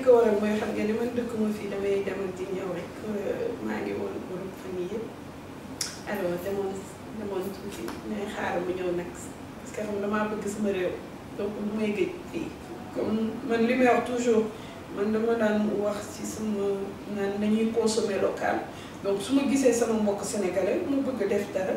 li ko waral mooy xam nga ne man dëkkuma fii damay demal di ñëw rek maa ngi woon Europe fan yii yëpp alors demoon demoon tuuti mais xaaral mu ñëw nag parce que xam damaa bëgg sama réew donc lu may gëj fii comme man li may wax toujours man dama daan wax ci sama naan nañuy consommer local donc su ma gisee sama mbokk sénégalais mu bëgg def dara.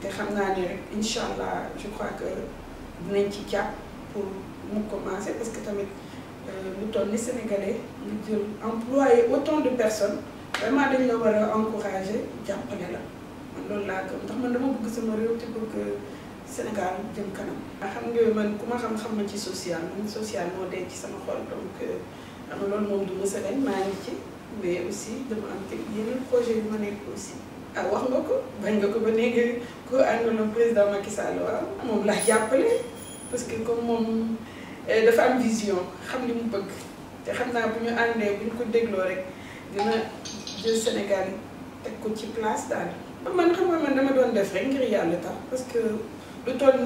te je crois que pour commencer parce que tamit euh, lu sénégalais lu autant de personnes vraiment dañ la encourager je la man loolu que je dama bëgg sama que Sénégal jëm kanam. xam nga man ku xam-xam ci social social moo ci sama du mais aussi dama am projet yu ma aussi ah wax nga ko bañ nga ko ba léegi ku àndoon président Macky Sall waaw moom laa jàppale parce que comme moom eh, dafa am vision xam li mu bëgg te xam naa bu ñu àndee bu ñu ko dégloo rek dina jël Sénégal teg ko ci place daal. man xam nga man dama doon def rek ngir yàlla tax parce que lu toll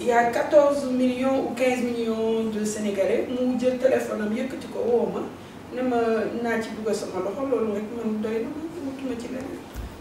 il y a 14 millions ou 15 millions de sénégalais mu jël téléphone am yëkkati ko woo ma ne ma naa ci dugg sama loxo loolu rek man doy na.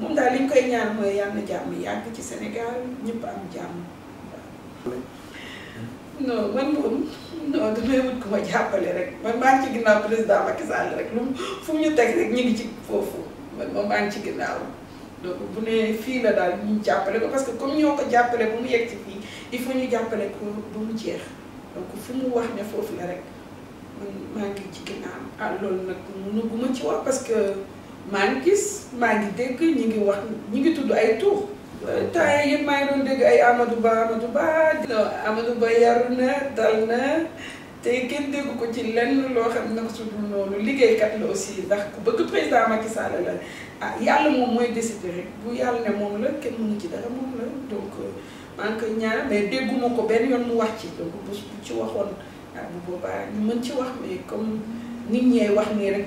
moom daal li ñu koy ñaan mooy yàlla na jàmm yàgg ci Sénégal ñëpp am jàmm. non man moom non damay wut ku ma jàppale rek man maa ngi ci ginnaaw président Macky Sall rek lu fu mu ñu teg rek ñu ngi ci foofu man moom maa ngi ci ginnaaw donc bu ne fii la daal ñu jàppale ko parce que comme ñoo ko jàppale bu mu yegg ci fii il faut ñu jàppale ko ba mu jeex donc fu mu wax ne foofu la rek man maa ngi ci ginnaaw ah loolu nag mënu gu ma ci wax parce que. maa ngi gis maa ngi dégg ñu ngi wax ñu ngi tudd ay tur temps yëpp maa ngi doon dégg ay Amadou Ba Amadou Ba non Amadou Ba yaru na dal na te kenn dégg ko ci lenn loo xam ne su dul noonu liggéeykat la aussi ndax ku bëgg président Macky Sall la ah yàlla moom mooy décider rek bu yàlla ne moom la kenn mu mënu ci dara moom la donc euh, maa ngi koy ñaar mais dégguma ko benn yoon mu wax ci donc bu ci waxoon ah bu boobaa ñu ci wax mais comme nit ñee wax nii rek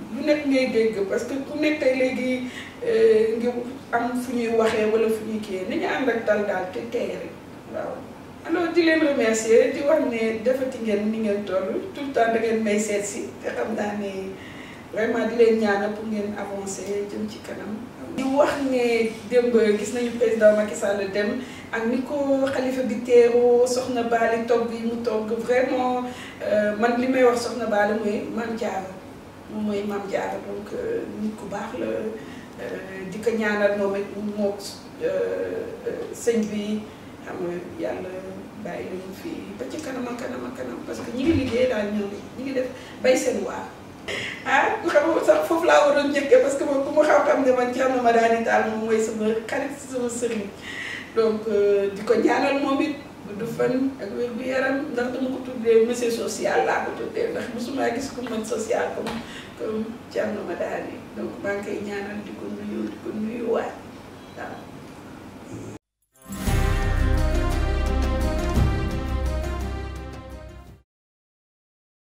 nekk ngay dégg parce que ku nekk tey léegi euh, ngi am fu ñuy waxee wala fu ñuy kii ni ñu ànd ak dal daal te tey rek waaw. alors di leen remercier di wax ne defati ngeen ni ngeen toll tout le temps da ngeen may seet si te xam naa ne vraiment di leen ñaanal pour ngeen avancer jëm ci kanam. di wax ne démb gis nañu président Macky sàll dem ak ni ko xalifa bi teeroo soxna Baali togg yi mu togg vraiment euh, man li may wax soxna Baali mooy man Diarra. moom mooy Mame Diarra donc euh, nit ku baax la euh, di ko ñaanal moom it mook euh, sëñ bi xam nga yàlla bàyyi lañu fi ba ci kanam ak kanam ak parce que ñi ngi liggéey daal ñoom ñi ngi def bay seen waar. ah xam nga sax foofu laa waroon njëkkee parce que moom ku ma xam-xam ne man Thierno Madani Tall moom mooy sama xarit sama sëriñ donc di ko ñaanal moom it. gudd fan ak wér gu yaram ndax dama ko tuddee monsieur social laa ko tuddee ndax mosumaa gis ku mën social comme comme Thierno Madani donc maa ngi koy ñaanal di ko nuyu di ko nuyuwaat waaw.